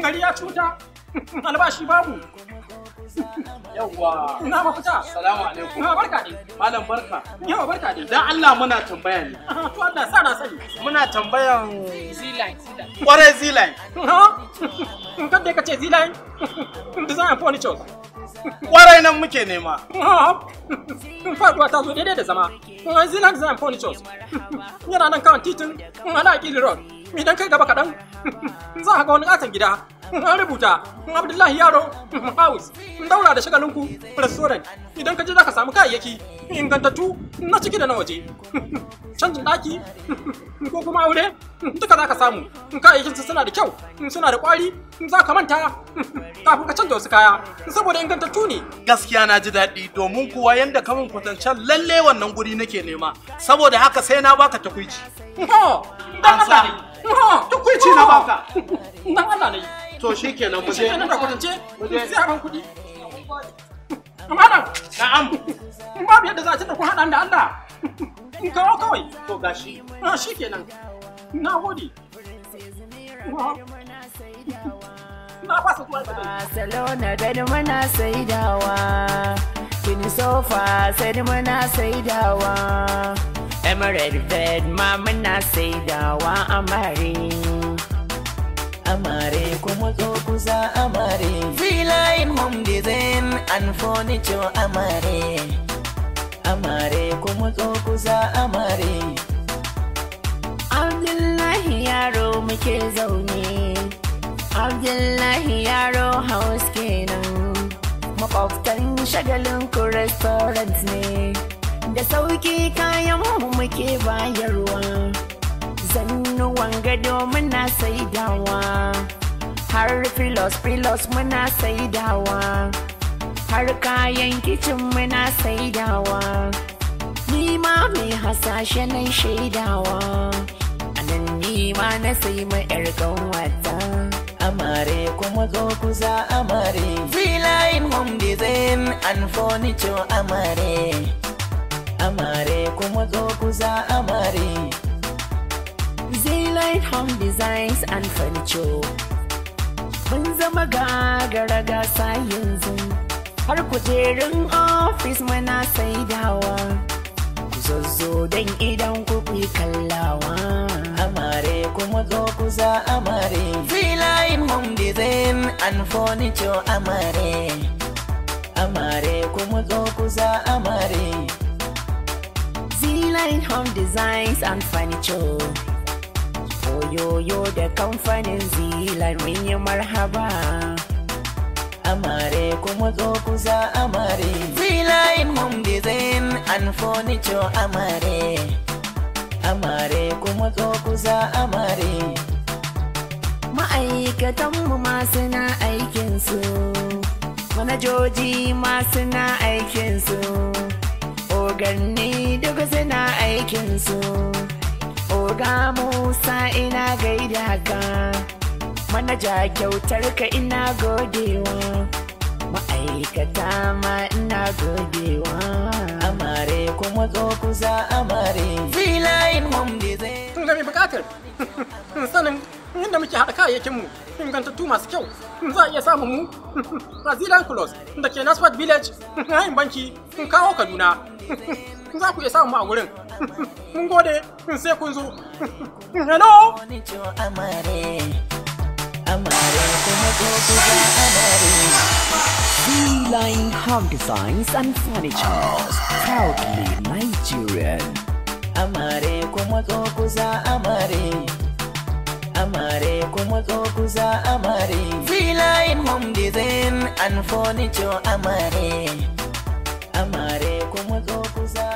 Gari ya cuta, albashi babu. Yawwa. Ina fita! Salamu alaikum. Na barka ne. Malam barka. Yawa barka ne. Dan Allah muna tambaya ne. Ah, to Allah sa na sani. Muna tambayan Z-line. Kwarai Z-line. kan ah? Kadda ka ce Z-line? Design furniture. Kwarai nan muke nema. Faduwa ta zo daidai da zama. An Zinag Zayan Furnitures. Yana nan kan titin ana Akili Road. Idan kai gaba kaɗan, za ka ga wani katon gida. An rubuta Abdullahi Yaro House. Daura da shagalinku restaurant. Idan ka je za ka samu kayayyaki ingantattu na ciki da na waje canjin ɗaki ko kuma aure duka za ka samu kayayyakin su suna da kyau suna da ƙwari za ka manta kafin ka canza wasu kaya saboda ingantattu ne gaskiya na ji daɗi domin kuwa yanda kamun kwatancen lalle wannan guri nake nema saboda haka sai na baka takuici dan Allah ne takuici na baka dan Allah ne to shikenan mu je mu je sai kuɗi Malam! Na'am! In babu yadda za a haɗa da Allah! In kawai! To gashi. Ah, na gode. Na fasa saidawa. Kini sofa sai saidawa. bed ma muna saidawa amare. kuma zo kusa amare filayin home design an furniture amare amare kuma za amare abdullahi yaro muke zaune abdullahi yaro house kenan makwabtan shagalin ku restaurant ne da sauki kayan mu muke bayarwa zannuwan gado muna saidawa har filos filos muna saidawa har kayan kicin muna saidawa nima mai hasashe nan shaidawa anan nima na sai ma yar ganwata amare kuma zo ku za amare filayin home design and furniture amare amare kuma zo ku za amare Zealand Home Designs and Furniture Mun zama gagara gasa yanzu har kujerun ofis muna saidawa zozo don idan ku fi kallawa amare kuma zo ku za amare filayin Home design and furniture amare amare kuma zo ku za amare Z-Line Home Designs and Furniture Oyoyo da kamfanin Z-Line, mun yi marhaba Amare ku za amare filayin home design and furniture amare amare ku matso amare ma'aikatanmu masu na aikinsu manajoji masu na aikinsu oganni duk suna aikinsu oga musa ina gaida ka manaja kyautar ka ina godewa ma'aikata ma ina gogewa amare kuma zo kusa amare filayin mun da zai tun da mai bukatar sanin inda muke haɗa mu, ingantattu masu kyau za a iya samun mu brazilian clothes da ke nasfat village hayin banki kun kawo kaduna za ku iya samun mu a gurin mun gode sai kun zo hello हमारे line home designs and furniture proudly Nigerian हमारे kumako kuza amare amare kumako kuza amare V-line home design and furniture amare amare kumako kuza